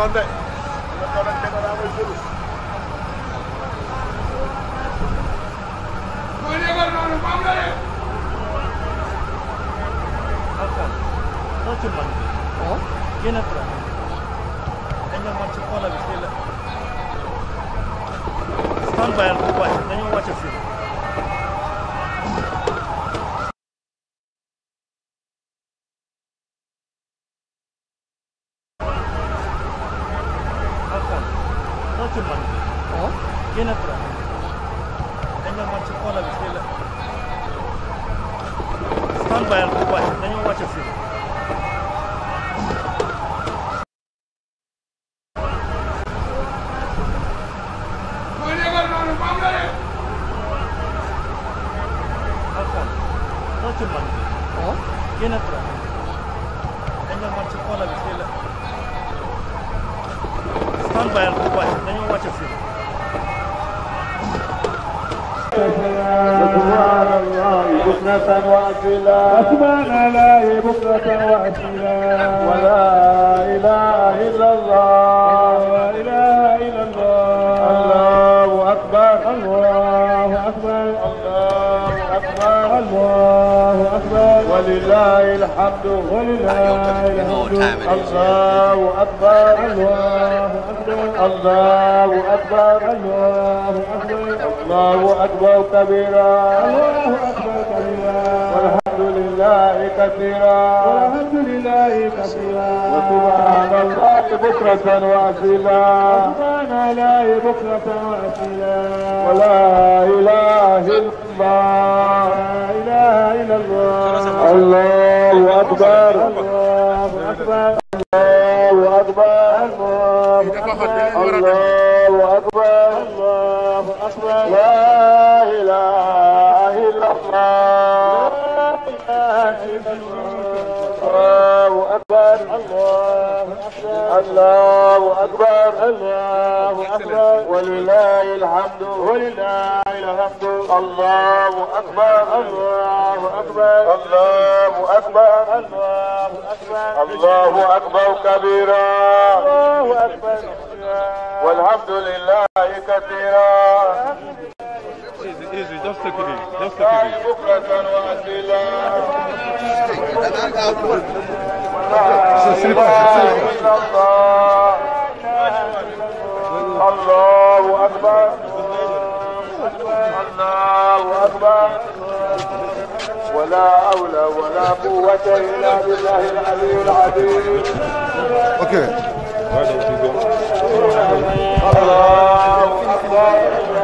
なん سبحان الله بكرة وأسيلا ولا إله إلا الله ولا إله إلا الله الله أكبر الله أكبر الله أكبر الله أكبر ولله الحمد ولله الحمد الله أكبر الله أكبر الله أكبر الله أكبر الله أكبر كبيرا الله أكبر كبيرا والحمد لله كثيرا والحمد لله كثيرا وسبحان الله بكرة وأصيلا وسبحان الله بكرة وأصيلا ولا إله إلا الله لا إله إلا الله الله أكبر الله أكبر لا إله إلا الله الله أكبر الله أكبر الله أكبر ولله الحمد ولله الحمد الله أكبر الله أكبر الله أكبر الله أكبر الله أكبر كبيرا الله أكبر والحمد لله كثيرا الله أكبر الله أكبر ولا أولى ولا قوة إلا بالله العلي العظيم أوكي الله أكبر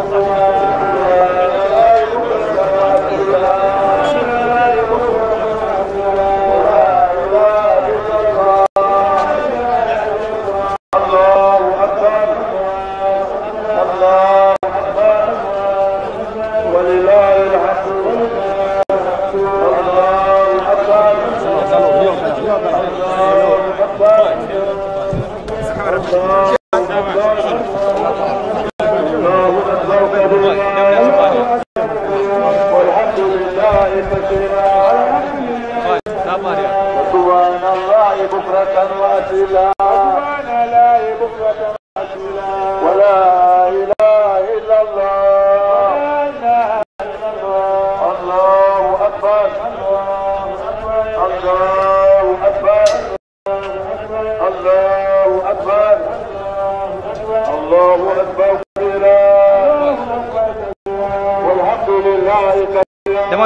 الله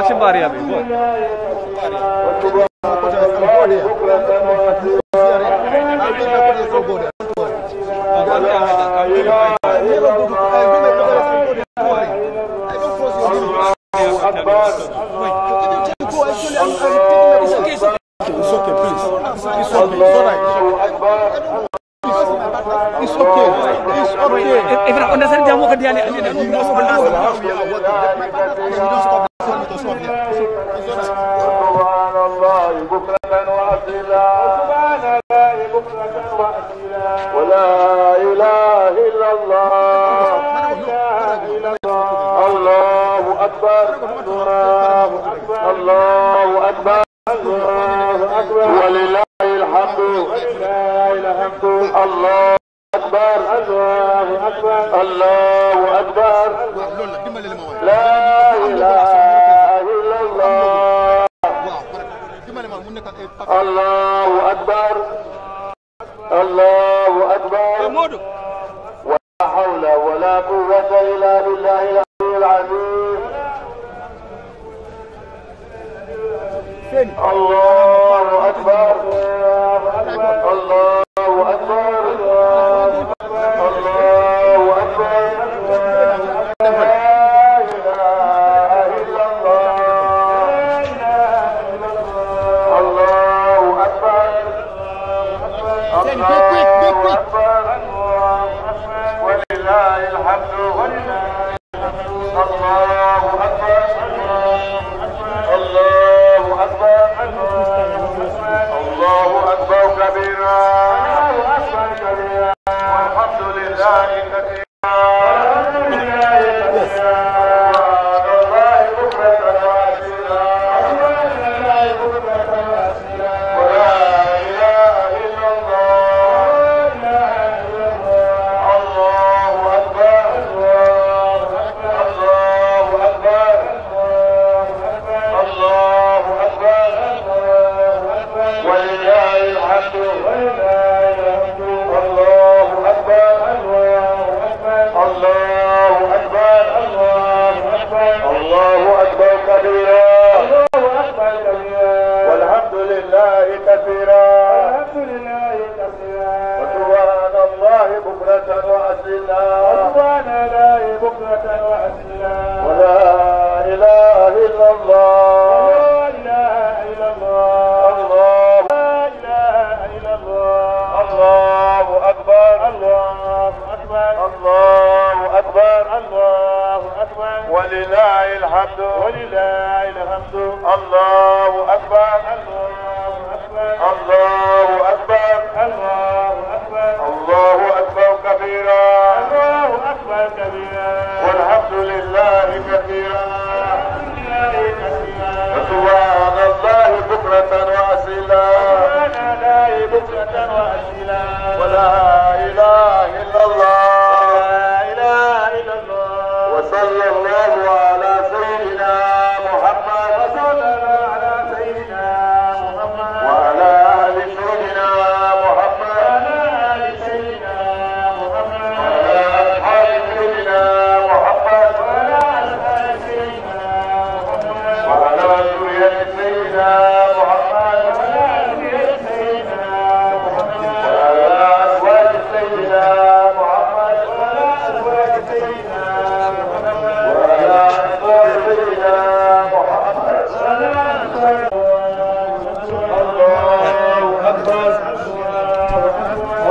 Levante em amigo. جهوده ولا حول ولا قوة إلا بالله العلي العظيم الله الله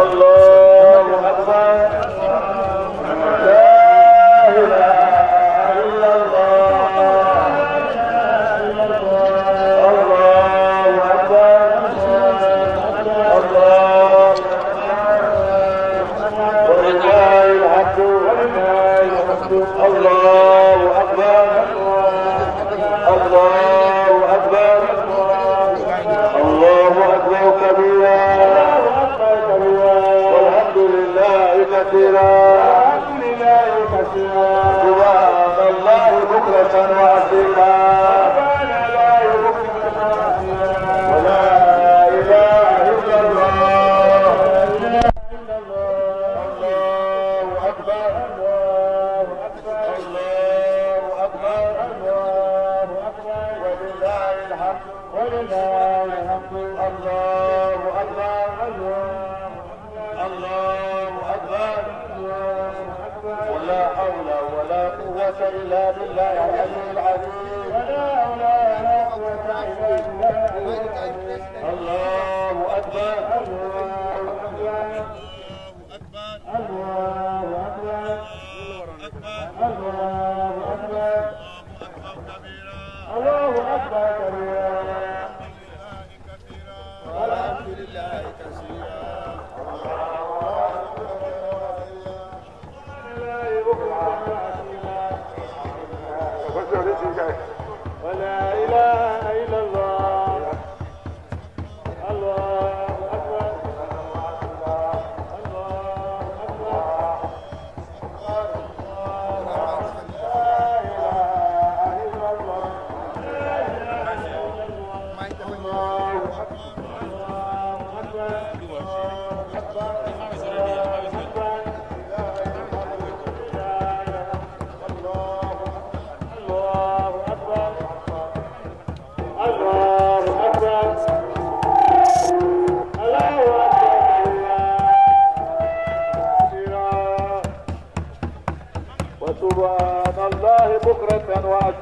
Allah.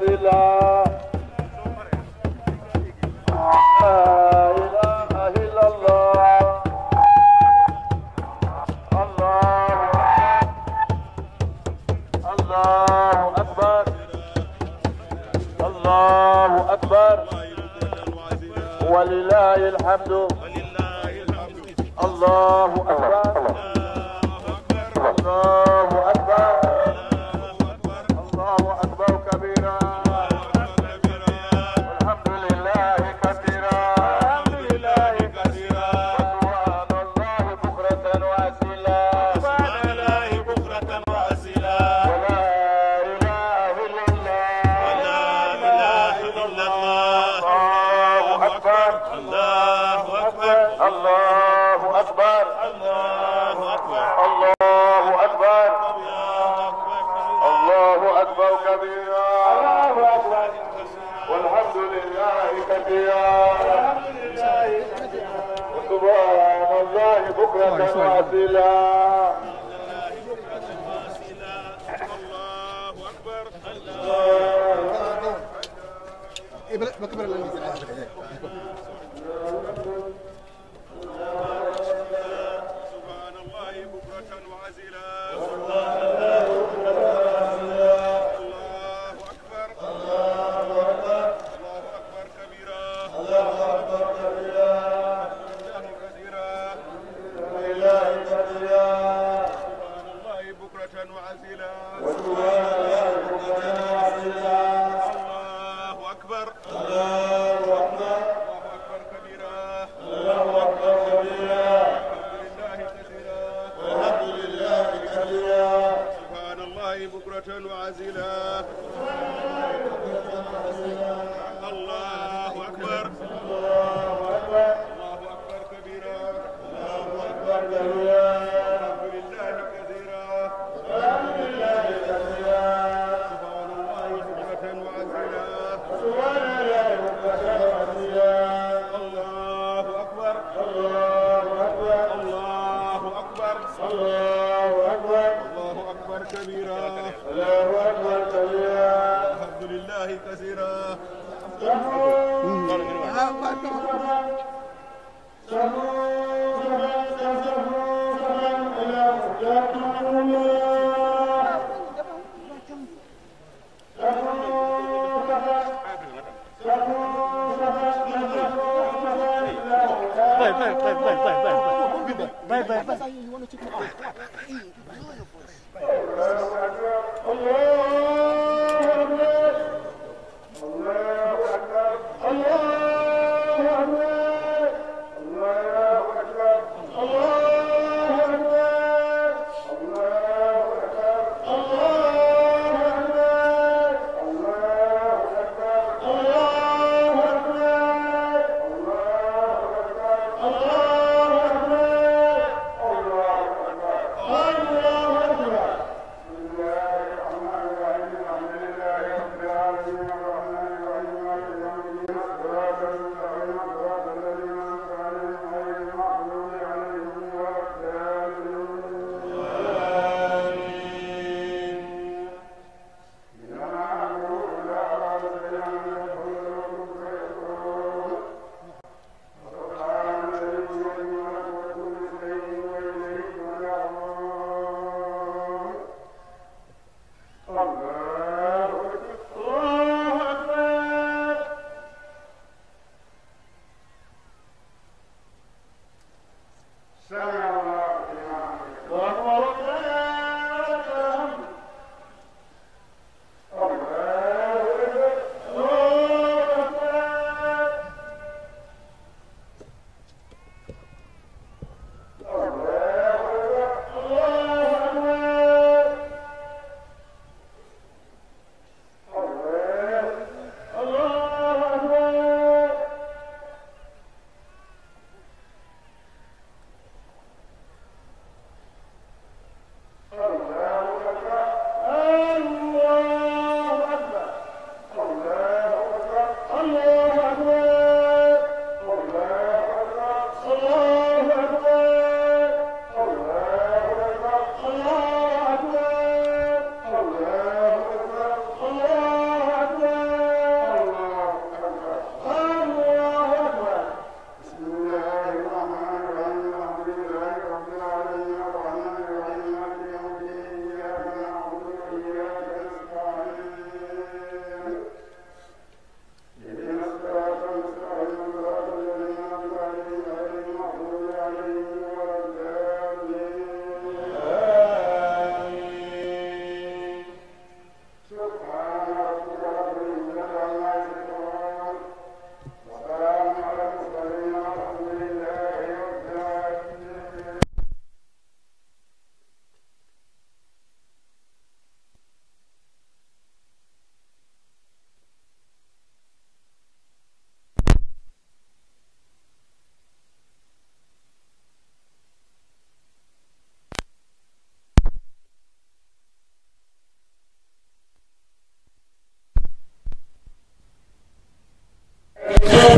बदला رب العالمين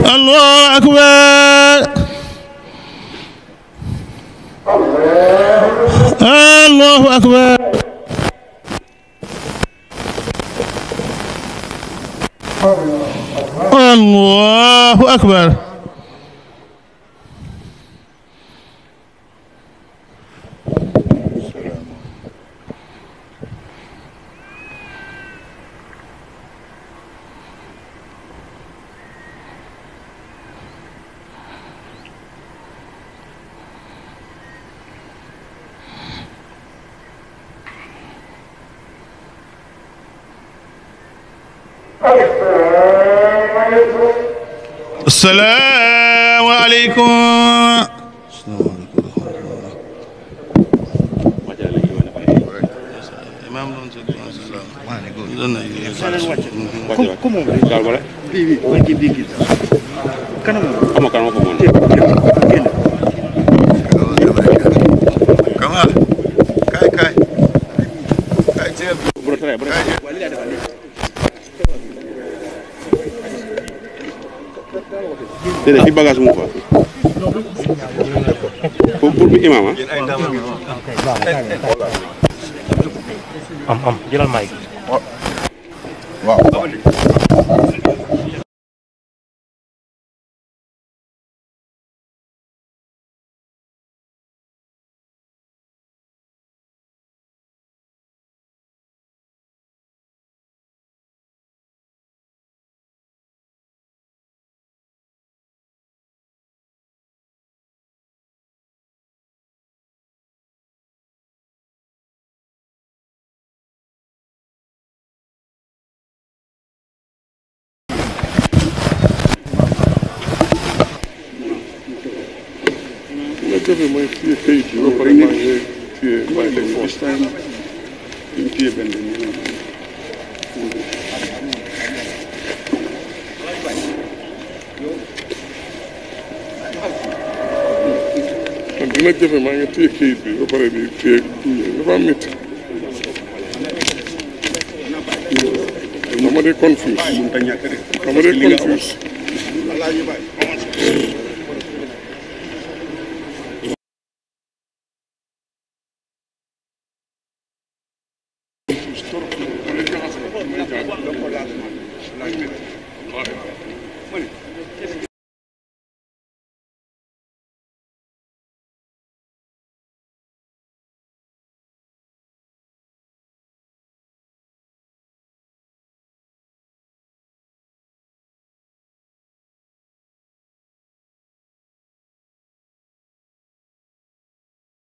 الله أكبر الله أكبر salaamaaleykum. salaamaaleykum. déedéet fii bagage mu fa pour pour bi imam ah. am am jëlal maay waaw. bi mooy fii këyit yi ba pare maa ngi fii maa ngi leen gis time duñ téye benn man dina jafe maa ngi téye këyit bi ba pare bi téye dafa métti dama dee confuse dama dee confuse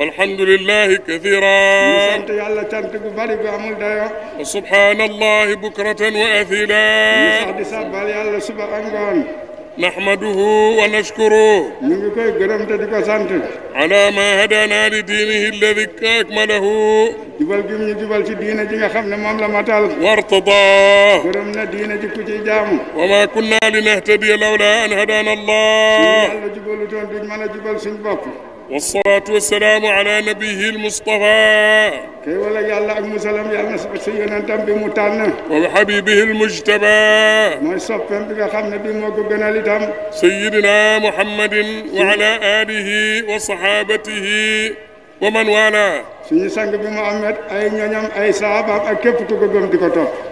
والحمد لله كثيرا وسبحان الله بكرة وأثيلا نحمده ونشكره على ما هدانا لدينه الذي أكمله وارتضاه وما كنا لنهتدي لولا أن هدانا الله والصلاة والسلام على نبيه المصطفى كي ولا يالا اك مسلم يالا سينا نتم بمتانا وحبيبه المجتبى ما يصفن بك خم نبي موكو غنال تام سيدنا محمد وعلى اله وصحابته ومن والاه سيدنا محمد اي نعم اي صحابه اك كيف تو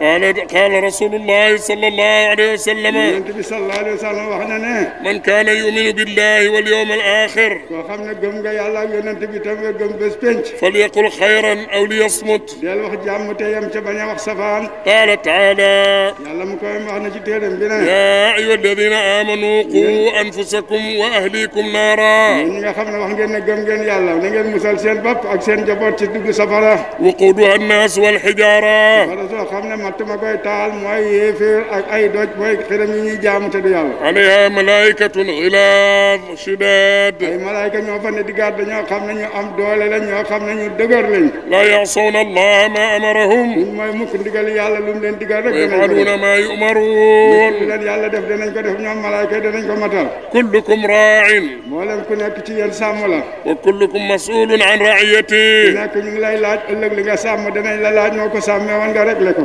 قال قال رسول الله صلى الله عليه وسلم من ينتبه صلى الله عليه وسلم وحنا من كان يؤمن بالله واليوم الآخر وخمنا قم قا يلا ينتبه تم قم بس بنش فليقل خيرا أو ليصمت قال واحد جام متيم تبني وقت سفان قال تعالى يلا مكوين وحنا جتيرن بنا يا أيها الذين آمنوا قوا أنفسكم وأهليكم نارا من خمنا وحنا قم قا يلا نجد مسلسل باب أكسن جبار تدق سفرة وقودها الناس والحجارة خمنا ne matt ma koy taal mooy yéeféer ak ay doj mooy xiram yi ñuy jaamu te du yàlla alayha malaikatun xilaad shidaad ay malaayka ñoo fa ne di gàdd ñoo xam ne ñu am doole lañ ñoo xam ne ñu dëgër lañ laa ya'suuna allaha ma amarahum ñu mooy mukk ndigal yàlla lu mu leen digal rek yafaluuna ma yu'maruun leen yàlla def danañ ko def ñoom malaayka yi danañ ko matal kullukum raa'in moo leen ku nekk ci yéen sàmm la wa kullukum mas'uulun an ra'iyatihi ku nekk ñu ngi lay laaj ëllëg li nga sàmm danañ la laaj noo ko sàmmee woon nga rek le ko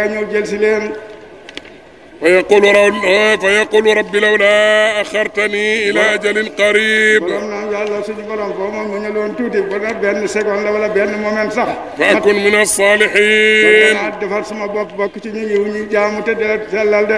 yaa ñëw jël si leen fa yaqulu fa yaqulu rabbi lawla axartani ila ajalin qarib borom naan yàlla suñu borom boo moom mu ñu loon tuuti ba na benn seconde la wala benn moment sax fa akun min as-salihin defar sama bopp bokk ci ñu ngi ñu jaamu te de sellal de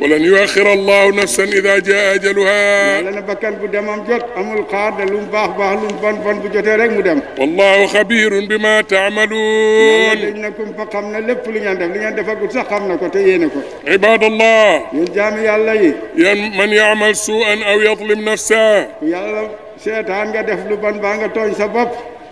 walan yuaxir allahu nafsan ida jaa ajaluha yàlla na bakkan bu demam jot amul xaar da lu mu baax baax lu mu bon bon bu jotee rek mu dem wallahu xabirun bi ma taamaluun dañ na kum fa xam na lépp lu ngeen def li ngeen defagul sax xam na ko te yéene ko ibadallah yéen jaami yàlla yi yan man yaamal suan aw yadlim nafsa yàlla seetaan nga def lu bon baa nga tooñ sa bopp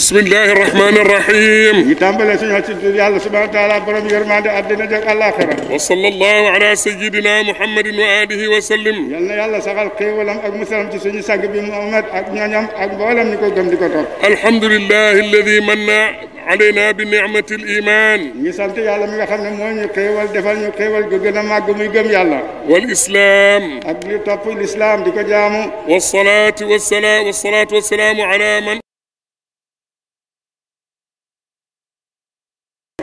بسم الله الرحمن الرحيم وصلى الله على سيدنا محمد وآله وسلم الحمد لله الذي من علينا بنعمة الإيمان والإسلام والصلاة والسلام والصلاة والسلام على من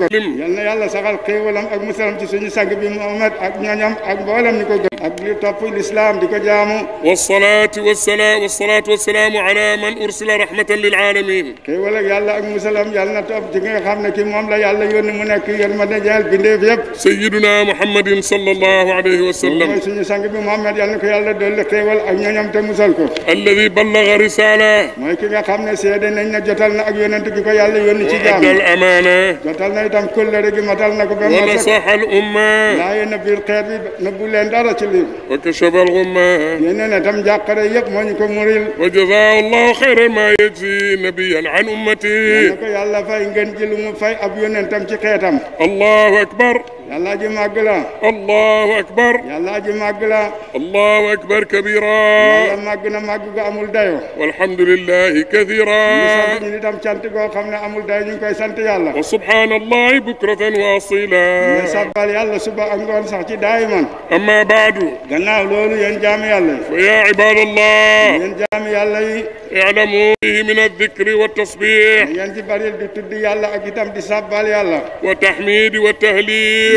yal na yàlla saxal xéewalam ak musalam ci suñu sang bi Muhammad ak ñooñam ak mboolam ñi ko gëm ak li topp lislaam di ko jaamu wasalaatu wasalaam wasalaatu wasalaamu ala man ursila rahmatan lil alamin xéewal ak yàlla ak musalam yal na topp ci nga xam ne ki moom la yàlla yónni mu nekk yërmande ñeel bindeef yëpp sayiduna muhammadin sallallahu alayhi wa sallam mooy suñu sang bi Muhammad yal na ko yàlla dolli xéewal ak ñooñam te musal ko alladi ballaga risala mooy ki nga xam ne seede nañ na jotal na ak yonent gi ko yàlla yónni ci jaam jotal na ايدان كل رجي مدال نكو بما ومسح الأمة لا ينبي القيادي نقول لين دارة تليم وكشف الغمة يننا يعني دم جاقر يقم ونكو مريل وجزاء الله خير ما يجزي نبيا عن أمتي يا يعني الله فإن جنجل مفاي أبيون أنتم تقيتم الله أكبر يلا جمع قلا الله أكبر يلا جمع قلا الله أكبر كبيرا يلا مقنا مقا أمول دايو والحمد لله كثيرا ندم شانتكو خمنا أمول دايو نكوي سنت يلا وسبحان الله بكرة وأصيلا نسبل يلا سبا أنقون سحتي دائما أما بعد قلنا لولو ينجام يلا فيا عباد الله ينجام يلا اعلموا به من الذكر والتصبيح ينجي بريل دي يلا أكتم دي سبال يلا وتحميد وتهليل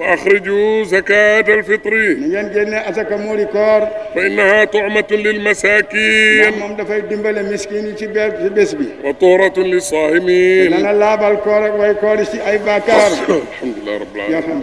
وأخرجوا زكاة الفطر فإنها طعمة للمساكين نعم، وطهرة للصائمين الحمد لله رب العالمين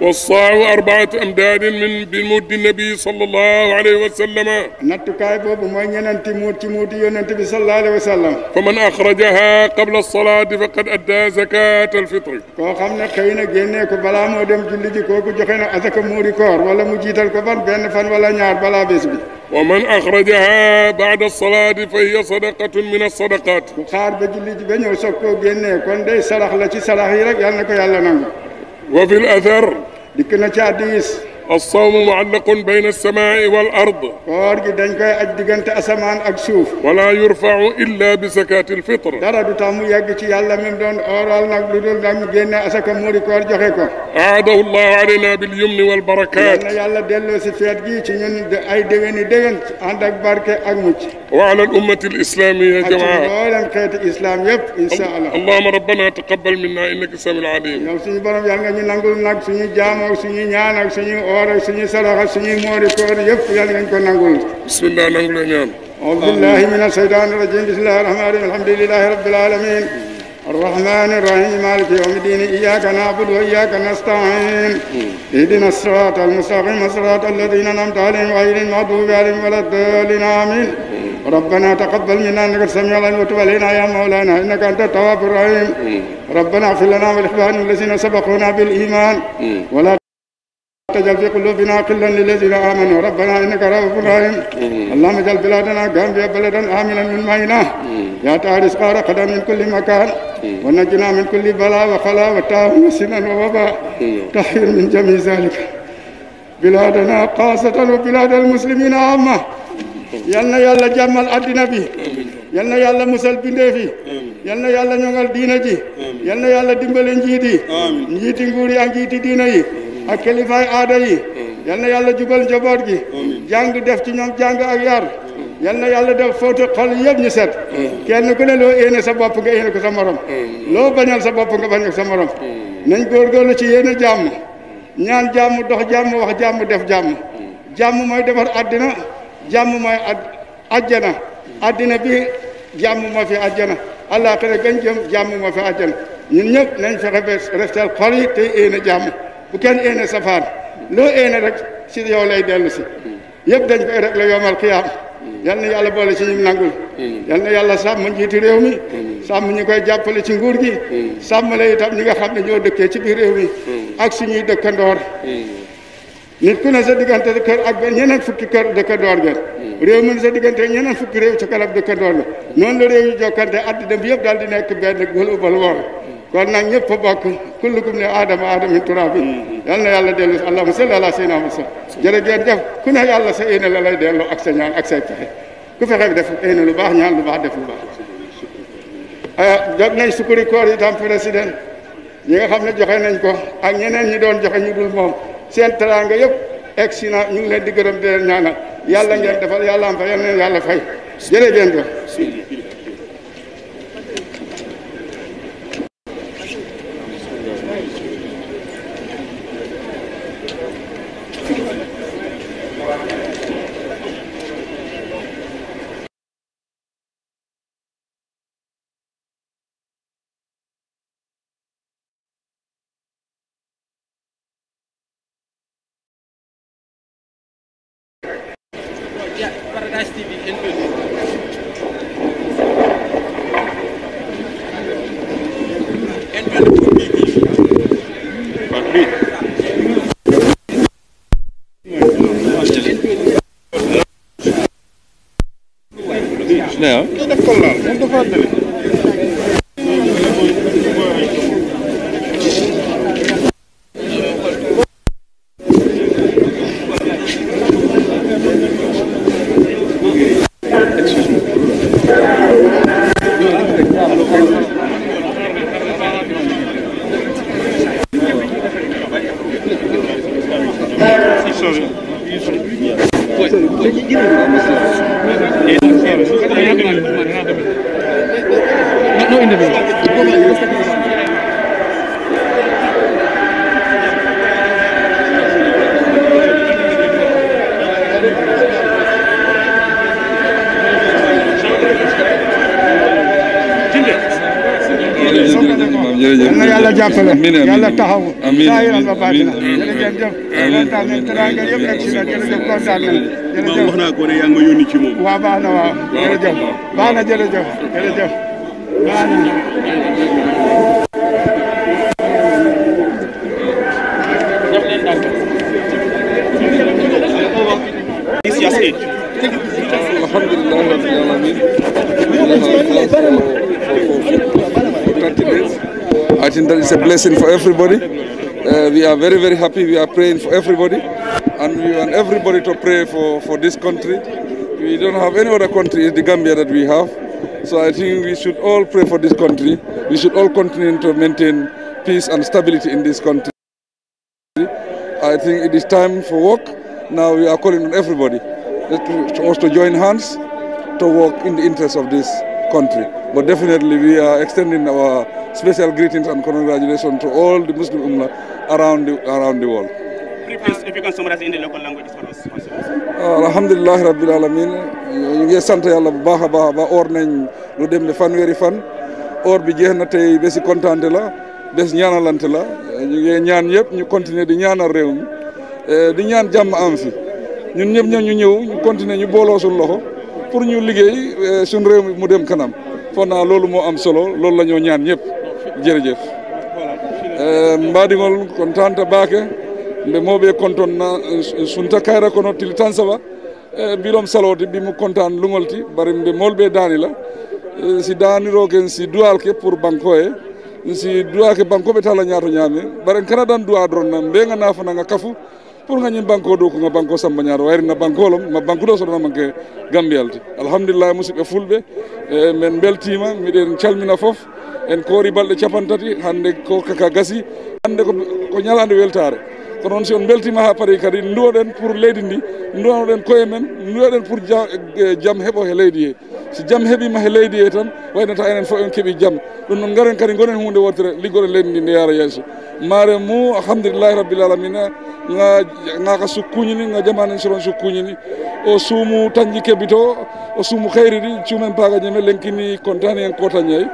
والصاع أربعة أمداد من بمد النبي صلى الله عليه وسلم نتكاي بوبو ما نانتي موت موت يونتي صلى الله عليه وسلم فمن أخرجها قبل الصلاة فقد أدى زكاة الفطر كو خامنا خينا гenne ko bala mo dem julli ji koku joxe na azaka muri koor wala mu jital ko ban ben fan ومن أخرجها بعد الصلاة فهي صدقة من الصدقات. وفي الأثر لكنا حديث الصوم معلق بين السماء والأرض ولا يرفع إلا بزكاة الفطر أعاده الله علينا باليمن والبركات وعلى الأمة الإسلامية جماعة اللهم ربنا تقبل منا إنك سميع عليم sawara suñu saraxa suñu moori koor yëpp yàlla ngañ ko nangul bismillah nangul na أعوذ بالله من الشيطان الرجيم بسم الله الرحمن الرحيم الحمد لله رب العالمين الرحمن الرحيم مالك يوم الدين إياك نعبد وإياك نستعين اهدنا الصراط المستقيم الصراط الذين أنعمت عليهم غير المغضوب عليهم ولا الضالين آمين ربنا تقبل منا انك سميع العليم وتب علينا يا مولانا انك انت التواب الرحيم ربنا اغفر لنا ولاخواننا الذين سبقونا بالايمان ولا تجعل في قلوبنا كلا للذين امنوا ربنا انك رؤوف رحيم اللهم اجعل بلادنا غامبيا بلدا امنا من ماينا يا تارس قارقنا من كل مكان ونجنا من كل بلاء وخلاء وتاهم وسنن ووباء تحير من جميع ذلك بلادنا قاسة وبلاد المسلمين عامة يلنا يلا جمال أدنا بي yalna يلا مسل bindee fi yalna yàlla ñoŋal diina ji yalna yàlla dimbale njiit yi njiiti nguur ak kilifaay aada yi yal na yàlla jubal njaboot ji jàng def ci ñoom jàng ak yar yal na yàlla def fóotu xol yëpp ñu set kenn ku ne loo yéene sa bopp nga yéene ko sa morom loo bañal sa bopp nga bañal sa morom nañ góorgóorlu ci yéene jàmm ñaan jàmm dox jàmm wax jàmm def jàmm jàmm mooy defar àddina jàmm mooy àjjana addina bi jàmm moo fi àjjana àllaaxira gañ jëm jàmm moo fi àjjana ñun ñëpp nañ fexe ba restel xol yi te yéene jàmm bu kenn eene safaan loo eene rek si yow lay dellu si yëpp dañ koy rek la yomal xiyaam yal na yàlla boole si ñu nangul yal na yàlla sàmm njiiti réew mi sàmm ñu koy jàppale ci nguur gi sàmm la itam ñi nga xam ne ñoo dëkkee ci biir réew mi ak suñuy dëkkandoor nit ku ne sa diggante kër ak ñeneen fukki kër dëkkandoor ngeen réew mi na sa diggante ñeneen fukki réew ci kanam dëkkandoor la noonu la réew yi jokkante dem bi yëpp daal di nekk benn global war kon nag ñëpp fa bokk kullukum ne aadama aadamin turaabi yal na yàlla dellu allahumma salli ala sayyidina Muhammad jërëjëf jëf ku ne yàlla sa éene la lay delloo ak sa ñaan ak ku fexe def éene lu baax ñaan lu baax def lu baax eh, jot nañ sukkuri koor itam président ñi nga xam ne joxe nañ ko ak ñeneen ñi doon joxe ñu dul moom seen teraanga yëpp egg si na ñu ngi leen di gërëm di leen ñaanal yàlla ngeen defal yàlla am fa yal na yàlla fay jërëjëf jëf امين امين امين امين امين امين امين امين الحمد لله رب العالمين think that is a blessing for everybody. Uh, we are very, very happy. We are praying for everybody. And we want everybody to pray for, for this country. We don't have any other country in the Gambia that we have. So I think we should all pray for this country. We should all continue to maintain peace and stability in this country. I think it is time for work. Now we are calling on everybody to, to, join hands to work in the interest of this country. But definitely we are extending our special greetings and congratulations to all the Muslim Ummah around the, around the world. Alhamdulillah Rabbil alamin. ngi bu ba or nañ lu dem fan or bi la ñaanalante la ñu ngi ñaan ñu continuer di ñaanal réew mi eh, di ñaan am fi ñun kanam foog loolu moo am solo loolu la ñoo ñaan ñëpp jërëjëf euh, mbaɗigol kon tanta baake nde mawɓe contonna euh, sunta kayra kono tili tan saba mbilom euh, salode mbimo contan lugol ti bare mbe molɓe danila si daniroken si duwalke pour banque o e si duwake banque o ɓe tala ñaato ñaami bare en kana dan duwa doronna mbega nafananga kafu pour gañen banque o ɗo ko ma banque o samba ñaro wayrina banque olom ma banque ɗo soɗona manque gambialde alhamdulillah musidɓe fulɓe e men beltima miɗen calmina foof en koori balɗe capan tati hande ko kaka gasi hande ko ñalade weltare ko noon si on beltima ha paari kadi duwoɗen pour leydi ndi duwanoɗen koye men duwoɗen pour jaam e, heeɓo he leydi he so jaam heeɓima he leydi he tan waynata enen foof en keeɓi jaam ɗum noon garen kadi gonen hunde wotere liggoɗen leydi ndi nde yaara yeeso maare mu alhamdulillahi rabbil alamina ga sukkuñini ga jamanen soron sukkuñini ni o suumu tañji kebbito o suumu xeyri ɗi cuumen pagaji men lenkini contani en kotañayi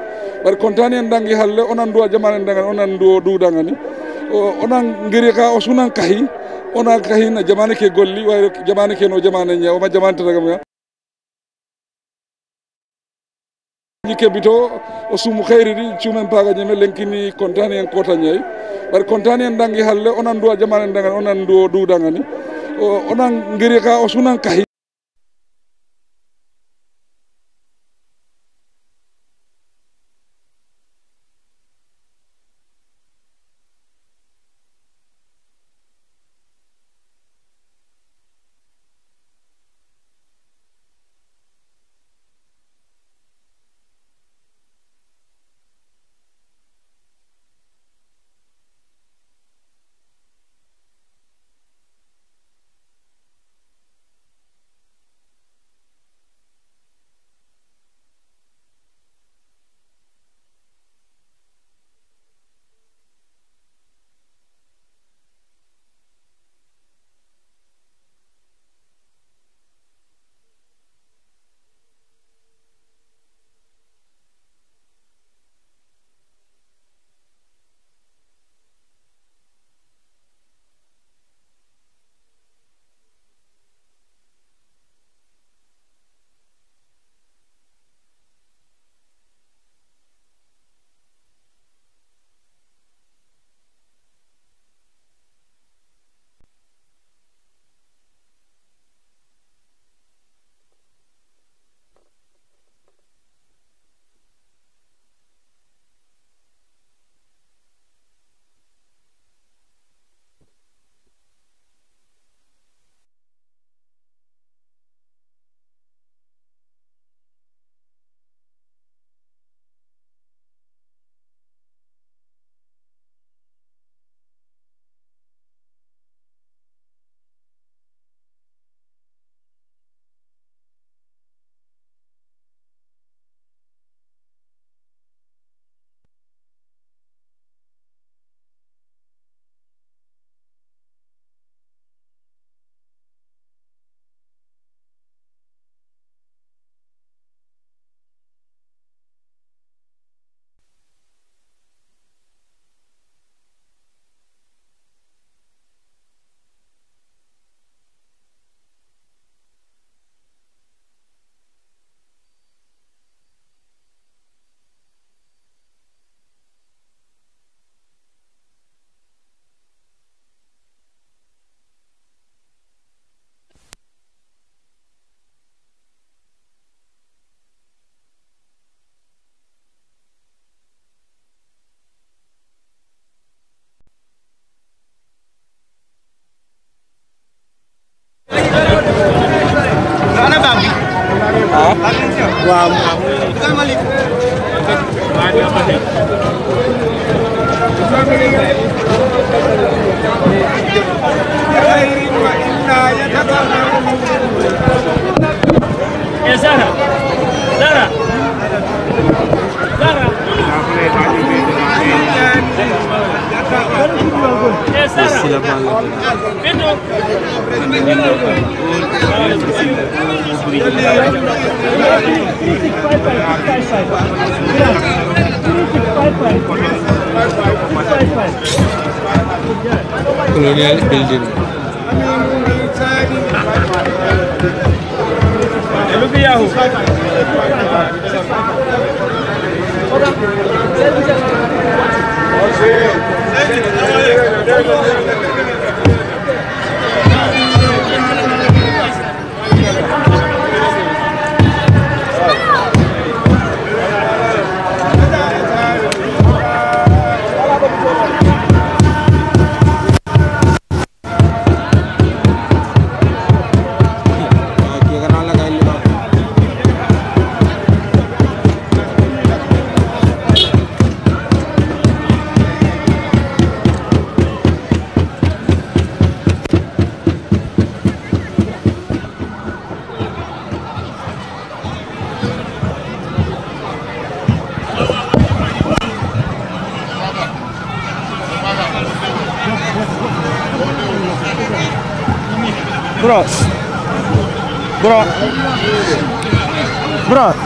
ɓaɗa contani en dangi halle onan duwa jamanen dagani onan duwo duudagani onon geri ka o sunan kahi onon kahi no jamane ke golli wayro jamane ke no jamane ñaw ma jamane tetagam ya ji kebbito o sumu hayri ɗi cuumen paga ñamen lenkini contane en kotañayi wadde contane en dangi halle onan duwa jamane dagani onan duwo duwdagani onan geri ka o sunan kahi Брат.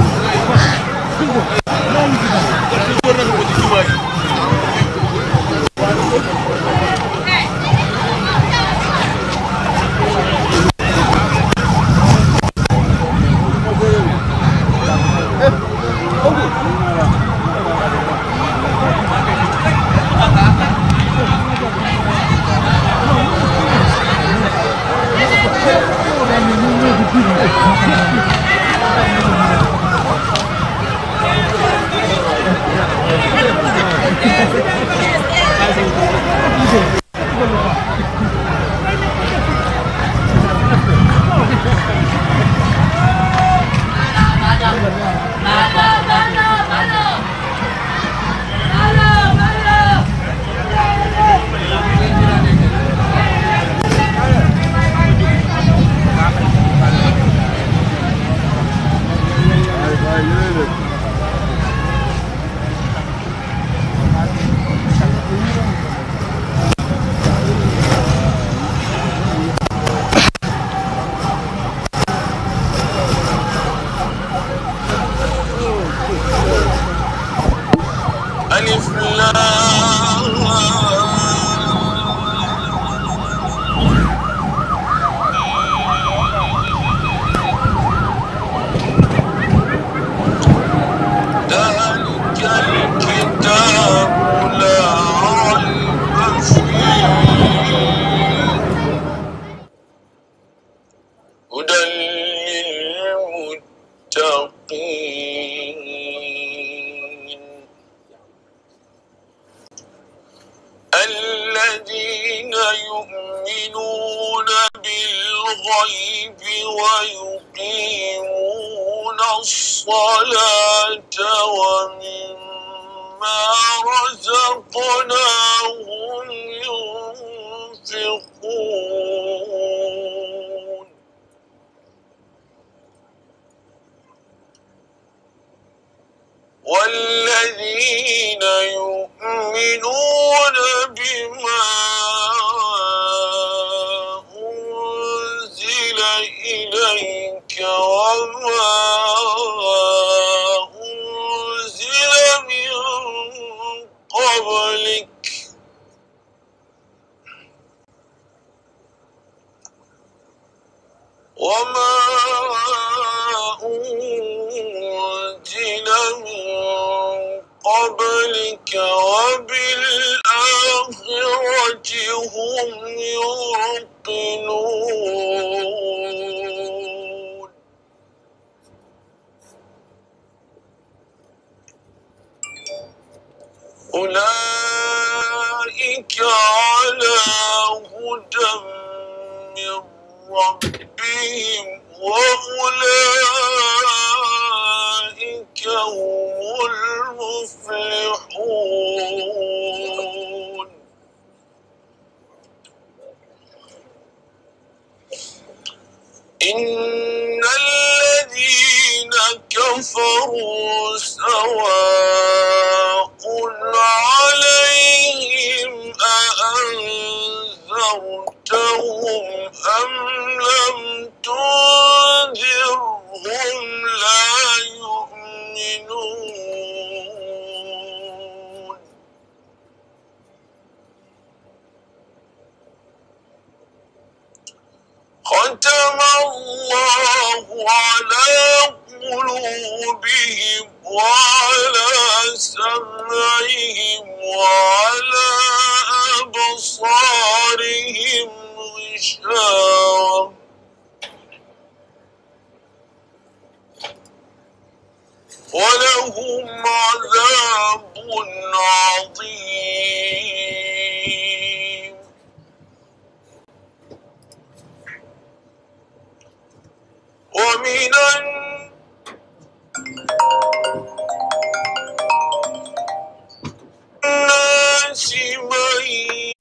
تنذرهم أم لم تنذرهم لا يؤمنون ختم الله على قلوبهم وعلى سمعهم وعلى الأشجار ولهم عذاب عظيم ومن الناس من